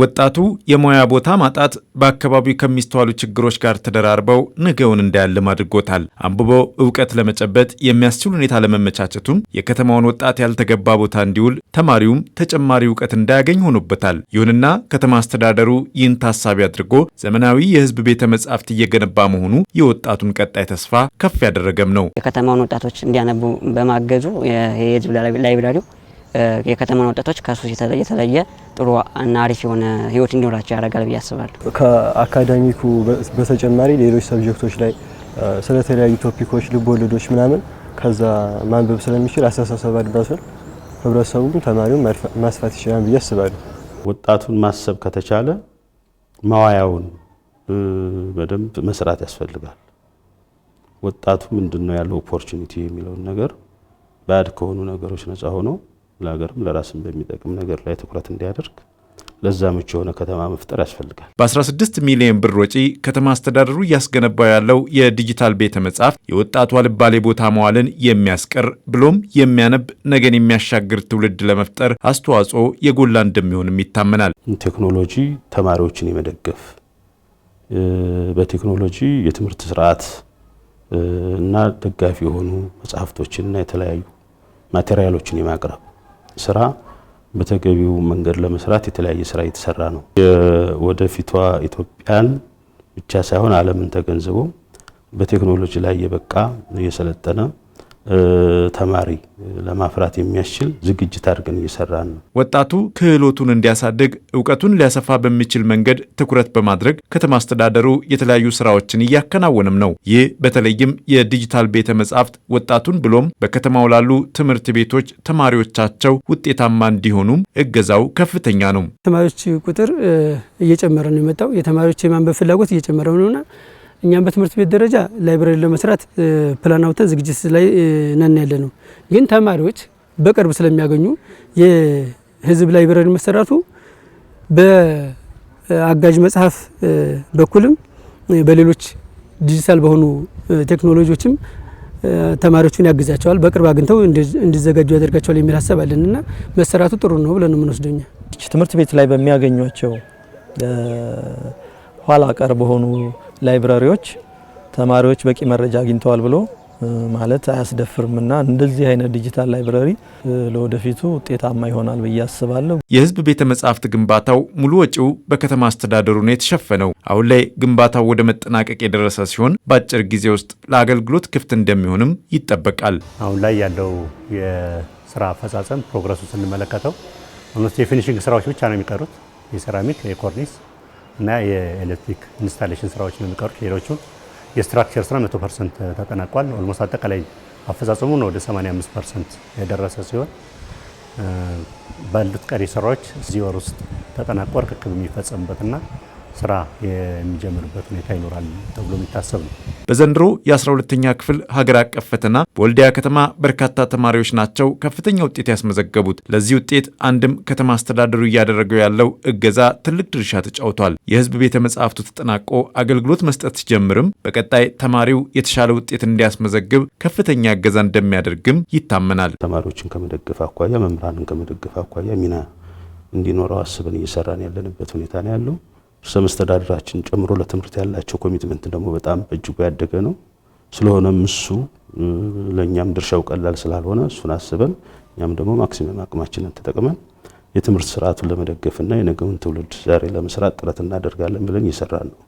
ወጣቱ የሙያ ቦታ ማጣት በአካባቢው ከሚስተዋሉ ችግሮች ጋር ተደራርበው ነገውን እንዳያልም አድርጎታል። አንብቦ እውቀት ለመጨበጥ የሚያስችል ሁኔታ ለመመቻቸቱም የከተማውን ወጣት ያልተገባ ቦታ እንዲውል፣ ተማሪውም ተጨማሪ እውቀት እንዳያገኝ ሆኖበታል። ይሁንና ከተማ አስተዳደሩ ይህን ታሳቢ አድርጎ ዘመናዊ የህዝብ ቤተ መጻሕፍት እየገነባ መሆኑ የወጣቱን ቀጣይ ተስፋ ከፍ ያደረገም ነው። የከተማውን ወጣቶች እንዲያነቡ በማገዙ የሕዝብ ላይብራሪው የከተማን ወጣቶች ከሱስ የተለየ ጥሩ እና አሪፍ የሆነ ህይወት እንዲኖራቸው ያደርጋል ብዬ አስባለሁ። ከአካዳሚኩ በተጨማሪ ሌሎች ሰብጀክቶች ላይ ስለተለያዩ ቶፒኮች፣ ልቦወለዶች ምናምን ከዛ ማንበብ ስለሚችል አስተሳሰብ አድባሱን ህብረተሰቡም ተማሪውን ማስፋት ይችላል ብዬ አስባለሁ። ወጣቱን ማሰብ ከተቻለ መዋያውን በደንብ መስራት ያስፈልጋል። ወጣቱ ምንድን ነው ያለው ኦፖርቹኒቲ የሚለውን ነገር ባድ ከሆኑ ነገሮች ነጻ ሆነው ለሀገርም ለራስም በሚጠቅም ነገር ላይ ትኩረት እንዲያደርግ ለዛ ምቹ የሆነ ከተማ መፍጠር ያስፈልጋል። በ16 ሚሊዮን ብር ወጪ ከተማ አስተዳደሩ እያስገነባው ያለው የዲጂታል ቤተ መጻሕፍት የወጣቱ አልባሌ ቦታ መዋልን የሚያስቀር ብሎም የሚያነብ ነገን የሚያሻግር ትውልድ ለመፍጠር አስተዋጽኦ የጎላ እንደሚሆንም ይታመናል። ቴክኖሎጂ ተማሪዎችን የመደገፍ በቴክኖሎጂ የትምህርት ስርዓት እና ደጋፊ የሆኑ መጽሐፍቶችንና የተለያዩ ማቴሪያሎችን የማቅረብ ስራ በተገቢው መንገድ ለመስራት የተለያየ ስራ እየተሰራ ነው። የወደፊቷ ኢትዮጵያን ብቻ ሳይሆን ዓለምን ተገንዝቦ በቴክኖሎጂ ላይ የበቃ እየሰለጠነ ተማሪ ለማፍራት የሚያስችል ዝግጅት አድርገን እየሰራን ነው። ወጣቱ ክህሎቱን እንዲያሳድግ እውቀቱን ሊያሰፋ በሚችል መንገድ ትኩረት በማድረግ ከተማ አስተዳደሩ የተለያዩ ስራዎችን እያከናወንም ነው። ይህ በተለይም የዲጂታል ቤተ መጻሕፍት ወጣቱን ብሎም በከተማው ላሉ ትምህርት ቤቶች ተማሪዎቻቸው ውጤታማ እንዲሆኑም እገዛው ከፍተኛ ነው። ተማሪዎች ቁጥር እየጨመረ ነው የመጣው። የተማሪዎች የማንበብ ፍላጎት እየጨመረ ነውና እኛም በትምህርት ቤት ደረጃ ላይብረሪ ለመስራት ፕላን አውጥተን ዝግጅት ላይ ነን ያለ ነው። ግን ተማሪዎች በቅርብ ስለሚያገኙ የህዝብ ላይብረሪ መሰራቱ በአጋዥ መጽሐፍ በኩልም በሌሎች ዲጂታል በሆኑ ቴክኖሎጂዎችም ተማሪዎቹን ያግዛቸዋል፣ በቅርብ አግኝተው እንዲዘጋጁ ያደርጋቸዋል የሚል ሀሳብ አለን እና መሰራቱ ጥሩ ነው ብለን የምንወስደኛ ትምህርት ቤት ላይ በሚያገኟቸው ኋላ ቀር በሆኑ ላይብራሪዎች ተማሪዎች በቂ መረጃ አግኝተዋል ብሎ ማለት አያስደፍርም እና እንደዚህ አይነት ዲጂታል ላይብረሪ ለወደፊቱ ውጤታማ ይሆናል ብዬ አስባለሁ። የህዝብ ቤተ መጻሕፍት ግንባታው ሙሉ ወጪው በከተማ አስተዳደሩ ነው የተሸፈነው። አሁን ላይ ግንባታው ወደ መጠናቀቅ የደረሰ ሲሆን በአጭር ጊዜ ውስጥ ለአገልግሎት ክፍት እንደሚሆንም ይጠበቃል። አሁን ላይ ያለው የስራ አፈጻጸም ፕሮግረሱ ስንመለከተው አምስት የፊኒሽንግ ስራዎች ብቻ ነው የሚቀሩት የሴራሚክ የኮርኒስ እና የኤሌክትሪክ ኢንስታሌሽን ስራዎች ነው የሚቀሩት። ሌሎቹ የስትራክቸር ስራ 100 ፐርሰንት ተጠናቋል። ኦልሞስት አጠቃላይ አፈጻጸሙ ነው ወደ 85 ፐርሰንት የደረሰ ሲሆን ባሉት ቀሪ ስራዎች እዚህ ወር ውስጥ ተጠናቆ ርክክብ የሚፈጸምበትና ስራ የሚጀምርበት ሁኔታ ይኖራል ተብሎ የሚታሰብ ነው። በዘንድሮ የ12ኛ ክፍል ሀገር አቀፍ ፈተና በወልዲያ ከተማ በርካታ ተማሪዎች ናቸው ከፍተኛ ውጤት ያስመዘገቡት። ለዚህ ውጤት አንድም ከተማ አስተዳደሩ እያደረገው ያለው እገዛ ትልቅ ድርሻ ተጫውቷል። የህዝብ ቤተ መጻሕፍቱ ተጠናቆ አገልግሎት መስጠት ሲጀምርም በቀጣይ ተማሪው የተሻለ ውጤት እንዲያስመዘግብ ከፍተኛ እገዛ እንደሚያደርግም ይታመናል። ተማሪዎችን ከመደገፍ አኳያ፣ መምህራንን ከመደገፍ አኳያ ሚና እንዲኖረው አስበን እየሰራን ያለንበት ሁኔታ ነው ያለው። ርዕሰ መስተዳድራችን ጨምሮ ለትምህርት ያላቸው ኮሚትመንት ደግሞ በጣም በእጅጉ ያደገ ነው። ስለሆነም እሱ ለእኛም ድርሻው ቀላል ስላልሆነ እሱን አስበን እኛም ደግሞ ማክሲመም አቅማችንን ተጠቅመን የትምህርት ስርዓቱን ለመደገፍና የነገውን ትውልድ ዛሬ ለመስራት ጥረት እናደርጋለን ብለን እየሰራን ነው።